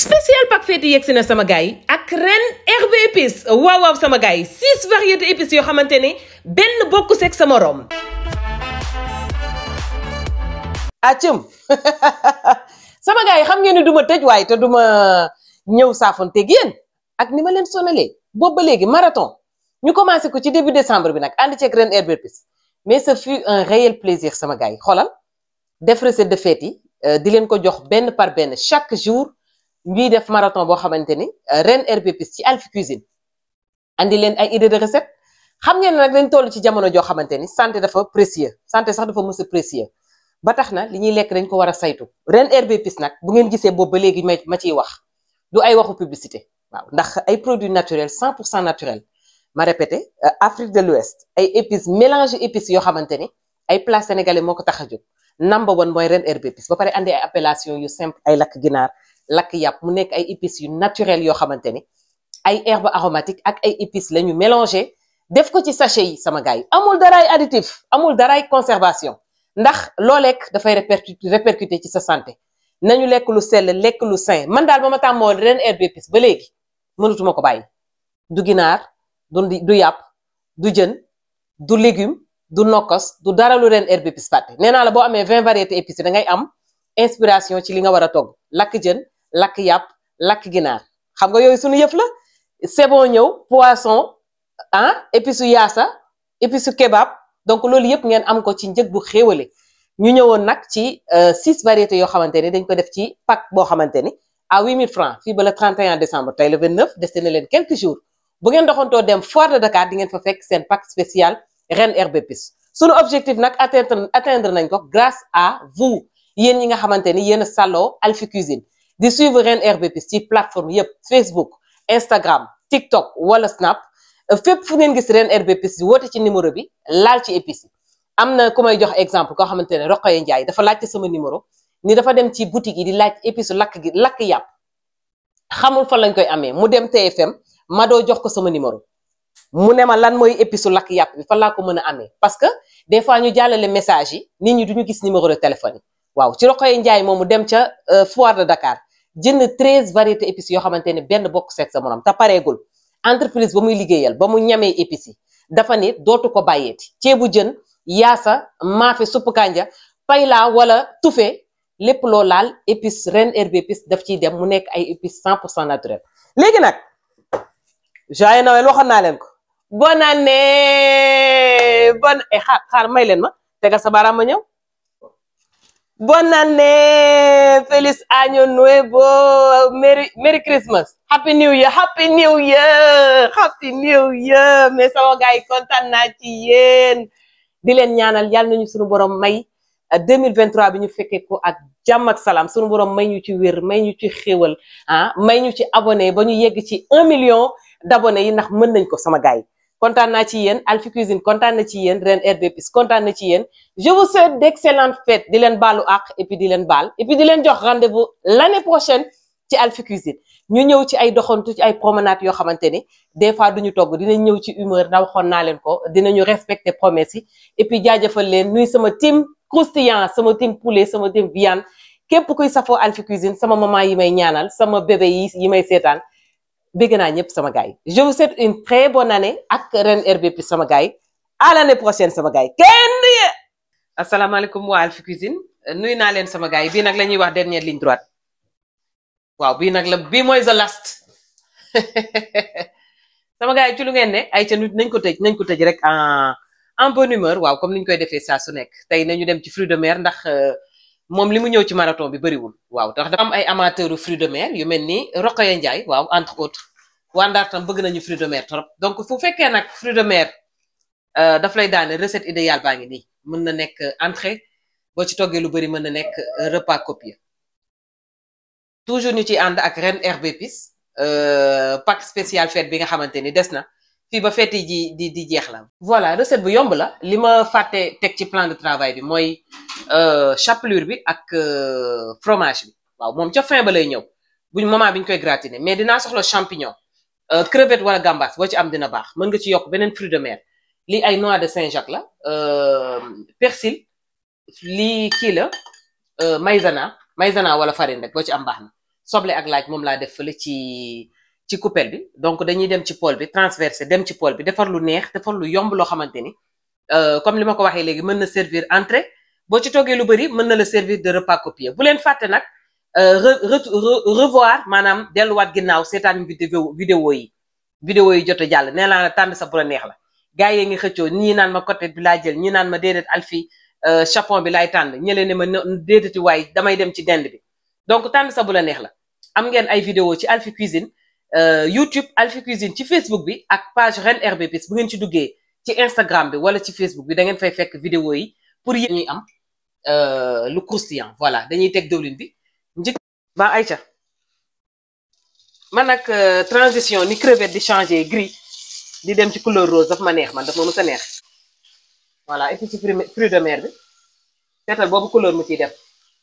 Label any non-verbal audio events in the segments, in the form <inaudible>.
spécial pack fête yegg na sama gars ak ren herbe épice waaw waaw sama gaay yi six variétés yoo xamante ne benn bokku seeg <laughs> sama morom. acum sama gars yi xam ngeen ne du ma tëj waaye te du ma ñëw saafonteeg yéen ak ni ma leen sonalee boobu ba léegi marathon ñu commencé ko ci début décembre bi nag ànd ceeg ren herbe épice mais ce fut un réel plaisir sama gars yi xoolal def recette fête yi euh, di leen ko jox benn par benn chaque jour. ñuy def marathon boo xamante ni euh, ren RBPC ci Alphie Cuisine andi leen ay idée de recette xam ngeen nag lañ toll ci jamono joo xamante ni santé dafa précieux santé sax dafa mës a précieux ba tax na li ñuy lekk dañ ko war a saytu ren RBPC nag bu ngeen gisee boobu ba léegi ma ma ciy wax du ay waxu publicité waaw ndax ay produits naturels 100 pour cent naturels ma répété euh, Afrique de l'Ouest ay épices mélange épices yoo xamante ni ay plats sénégalais moo ko tax a jóg number one mooy ren RBPC ba pare andi ay yu simple ay lakk ginaar lakk yàpp mu nekk ay épices yu naturel yoo xamante ne ay herbes aromatique ak ay épices la ñu mélangé def ko ci sachet yi sama gars yi amul daraay additif amul daray conservation ndax loo lekk dafay répercuté ci sa santé nañu lekk lu sell lekk lu sain man daal ba ma tàmmoon ren herbe épice ba léegi mënatuma ko bàyyi du ginaar du du yàpp du jën du légume du nokkos du dara lu ren herbe épice fàtte nee naa la boo amee vingt variétés épices da ngay am inspiration ci li nga war a togg lakk jën lakk yàpp lakk ginaar xam nga yooyu suñu yëf la sebon ñëw poisson ah épices yaasa épices kebab donc loolu yëpp ngeen am ko ci njëg bu xéewale ñu ñëwoon nag ci euh, six variétés yoo xamante ni dañ ko def ci pack boo xamante ni à huit mille francs fii ba le 31 décembre tey le 29 dese na leen quelques jours bu ngeen doxantoo dem foire de Dakar di ngeen fa fekk seen pack spécial Reen Herbes Épices sunu objectif nag atteindre atteindre nañ ko grâce à yéen ñi nga xamante ni yéen a sàlloo di suivre RNB ci plateforme yëpp Facebook Instagram TikTok wala Snap fépp fu ngeen gis RNB bi woote ci numéro bi laal ci épices yi am na ku may jox exemple koo xamante ne Roqaye njaay dafa laajte sama numéro ni dafa dem ci boutique yi di laaj épices lakk gi lakk yàpp xamul fan lañ koy amee mu dem TFM ma doo jox ko sama numéro mu ne ma lan mooy épices lakk yàpp bi fan laa ko mën a amee parce que des fois ñu jàllale message yi nit ñi duñu gis numéro de téléphone waaw ci Roqaye Ndiaye moomu dem ca euh, foire Dakar. jën treize variété épices yoo xamante ne benn bokk seeg sa morom te pareegul entreprise ba muy liggéeyal ba mu ñamee épices yi dafa ne dootu ko bàyyeeti ceebu jën yaasa maafe supp kanja paylaa wala tufe lépp loo laal épices Reen Herbes épices daf ciy dem mu nekk ay épices 100 pour cent naturel léegi nag joyeux Noël waxoon naa leen ko ne année bonne eh, xaar xaar may leen ma tegal sa baaraam ma ñëw bon année, feliz año nuevo, merry, merry Christmas, happy new year, happy new year, happy new year mais sama gars yi kontaan naa ci yéen di leen ñaanal yàlla nañu suñu borom may 2023 euh, bi ñu fekkee ko ak jàmm ak salaam suñu borom may ñu ci wér may ñu ci xéwal ah may ñu ci abonné ba ñu yegg ci un million d'abonnés yi ndax mën nañ ko sama gars yi kontaan naa ci yéen Alphie kontaan na ci yéen Reen Herbe Épices kontaan na ci yéen je vous souhaite d'excellentes fêtes di leen baalu àq et puis di leen baal et puis di leen jox rendez-vous l'année prochaine ci Alphie Cuisine ñu ñëw ci ay doxantu ci ay promenade yoo xamante ni des fois ñu togg dinañ ñëw ci humeur ndax waxoon naa leen ko dinañu respecter promesse yi et puis jaajëfal leen nuy sama team croustillant sama team poulet sama team viande képp kuy safoo Alphie Cuisine sama maman yi may ñaanal sama bébé yi may seetaan bëgg naa ñëpp sama gars yi je vous souhaite une très bonne année ak ren RBP sama gars yi à l'année prochaine sama gars yi kenn ye asalaamaaleykum Cuisine nuyu naa leen sama gars bii nag la ñuy wax dernière ligne droite waaw bii nag la bii mooy the last <laughs> sama gars yi ci lu ngeen ne ay ca nañ ko tëj nañ ko tëj rek en en bonne humeur waaw comme ni ñu koy defee saa su nekk tey nañu dem ci fruits de mer ndax euh, moom li mu ñëw ci marathon bi bëriwul waaw tax dafa am ay amateuru fruits de mer yu mel ni Rokhaya Ndiaye waaw entre autres waa tam bëgg nañu fruits de mer trop donc fu fekkee nag fruits de mer euh, daf lay daane recette idéale baa ngi nii mën na nekk entrée boo ci toggee lu bëri mën na nekk euh, repas copieux toujours ñu ci ànd ak Reen Herbes Épices euh, pack spécial fête bi nga xamante ni des na fii ba fête ji di di jeex la voilà recette bu yomb la li ma fàtte teg ci plan de travail bi mooy euh, chapelure bi ak euh, fromage bi waaw moom ca fin ba lay ñëw buñ moment biñ koy gratiner mais dinaa soxla champignon euh, crevette wala gambas boo ci am dina baax mën nga ci yokk beneen fruit de mer lii ay noix de Saint-Jacques la persil lii kii la maïzena maïzena wala farine rek boo ci am baax na soble ak laaj moom laa def fële ci ci coupelle bi donc dañuy dem ci pôle bi transversé dem ci pôle bi defar lu neex defar lu yomb loo xamante ni euh, comme li ma ko waxee léegi mën na servir entrée boo ci toggee lu bari mën na la servir de repas copié bu leen fàtte nag euh, revoir maanaam delluwaat ginnaaw seetaan vidéo vidéo yi vidéo yi jot a jàll nee naa tànn sa bu neex la gars yi ngi xëccoo ñii naan ma côté bi laa jël ñii naan ma déedéet alfi euh, chapon bi laay tànn ñëlee ne ma déedéeti waaye damay dem ci dend bi donc la Euh, YouTube Alphie Cuisine ci Facebook bi ak page Reen Herbes Épices ngeen ci duggee ci Instagram bi wala ci Facebook bi da ngeen fay fekk vidéo yi pour yéen ñuy am euh, lu croustillant voilà dañuy teg diwlin bi njëkk ba Aïcha man nag euh, transition ni crevette di changé gris di dem ci couleur rose daf ma neex man daf ma mës a neex voilà et puis ci fruit de mer bi seetal boobu couleur mu ciy def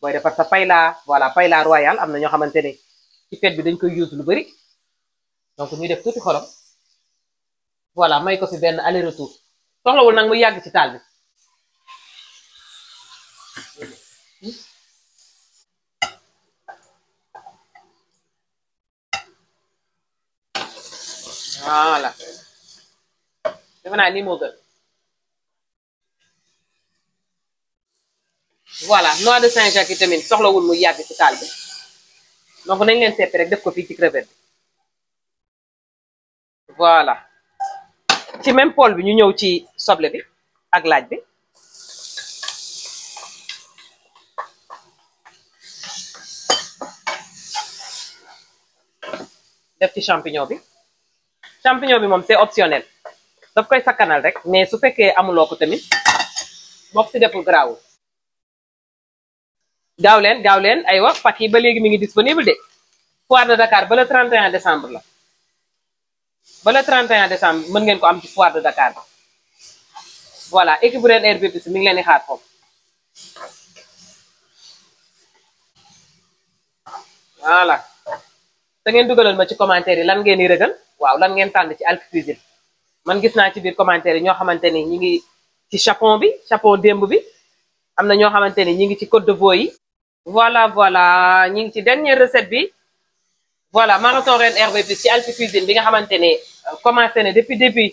parce que pay paella voilà paella royal am na ñoo xamante ne ci fête bi dañ koy use lu bëri donc ñuy def tuuti xorom voilà may ko fi benn aller retour soxlawul nag mu yàgg ci taal bi voilà defe naa nii moo de Saint-Jacques yi tamit soxlawul mu yàgg ci taal bi donc nañ leen seppi rek def ko fii ci crevette voilà ci même pool bi ñu ñëw ci soble bi ak laaj bi def ci champignon bi champignon bi moom c'est optionnel daf koy sakkanal rek mais su fekkee amuloo ko tamit bokk si deful garaawul gaaw leen gaaw leen ay wax pack ba léegi mi ngi disponible de foire de Dakar ba le 31 décembre la ba le 31 décembre mën ngeen ko am ci foire de Dakar bi voilà équipe bu Red Air Business mi ngi leen di xaar foofu voilà te ngeen dugalal ma ci commentaire yi lan ngeen di rëgal waaw lan ngeen tànn ci Alphie man gis naa ci biir commentaire yi ñoo xamante ni ñi ngi ci chapon bi chapon démb bi am na ñoo xamante ni ñi ngi ci côte de veau yi voilà voilà ñi ngi ci dernière recette bi voilà marathon ren Hervé Plus ci Alphie Cuisine bi nga xamante ne euh, commencé na depuis début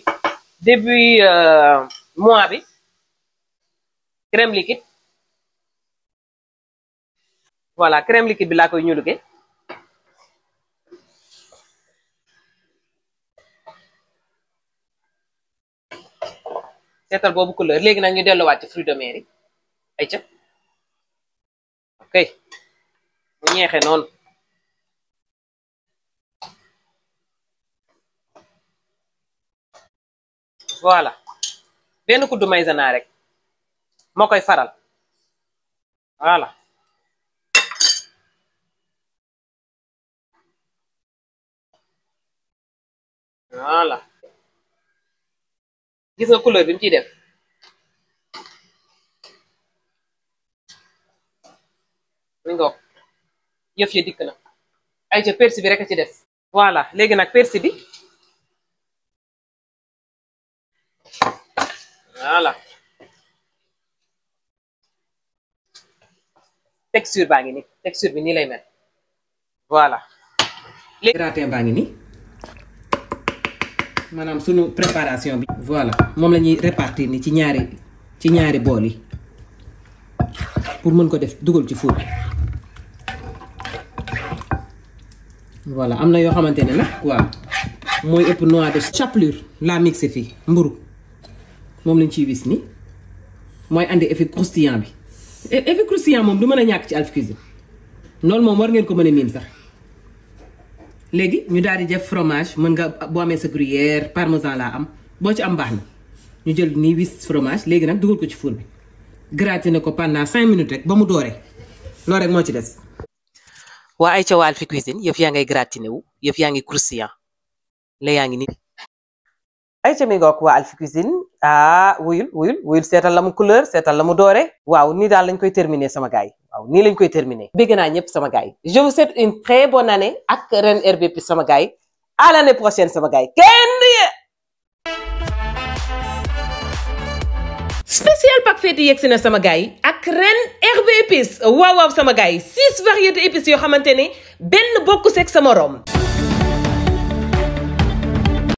début euh, mois bi crème liquide voilà crème liquide bi laa koy ñuuluge seetal boobu couleur léegi nag ñu delluwaat ci fruits de mer yi ay ca ok mu ñeexe noonu voilà benn kuddu maïzena rek moo koy faral voilà voilà gis nga couleur bi mu ciy def mi ngoog yëf ya dikk na ay ca persil bi rek a ci des léegi nag persil bi voilà texture baa ngi nii texture bi nii lay mel voilà. gratin baa ngi nii maanaam sunu préparation bi. voilà moom la ñuy répartir ni ci ñaari ci ñaari bool yi pour mën ko def dugal ci four voilà am na yoo xamante ne nag waaw mooy ëpp noix de chapelure laa mixé fii mburu moom lañ ciy wis ni mooy andi effet croustillant bi e, effet croustillant moom du mën a ñàkk ci Alphie Cuisine loolu moom war ngeen ko mën miin sax léegi ñu daal di def fromage mën nga boo amee sa gruyère parmesan laa am boo ci am mbaax na ñu jël nii wis fromage léegi nag dugal ko ci four bi gratiné ko pendant cinq minutes rek ba mu dooree loolu rek moo ci des. waa ay ca waa Alphie Cuisine yëf yaa ngay gratiné wu yëf yaa ngi croustillant la yaa ngi nii. ay ca mi ngoog ah wuyul wuyul wuyul seetal la mu couleur seetal la mu doore waaw nii daal lañ koy terminer sama gaay waaw nii lañ koy terminer bégg naa ñëpp sama gaay yi je vous une très ak Reen Herbes sama gaay yi à sama gars yi kenn spécial pack fête yegg si na sama gaay yi ak Reen Herbes waaw waaw sama gaay yi six variétés épices yoo xamante ne benn bokku seeg sama morom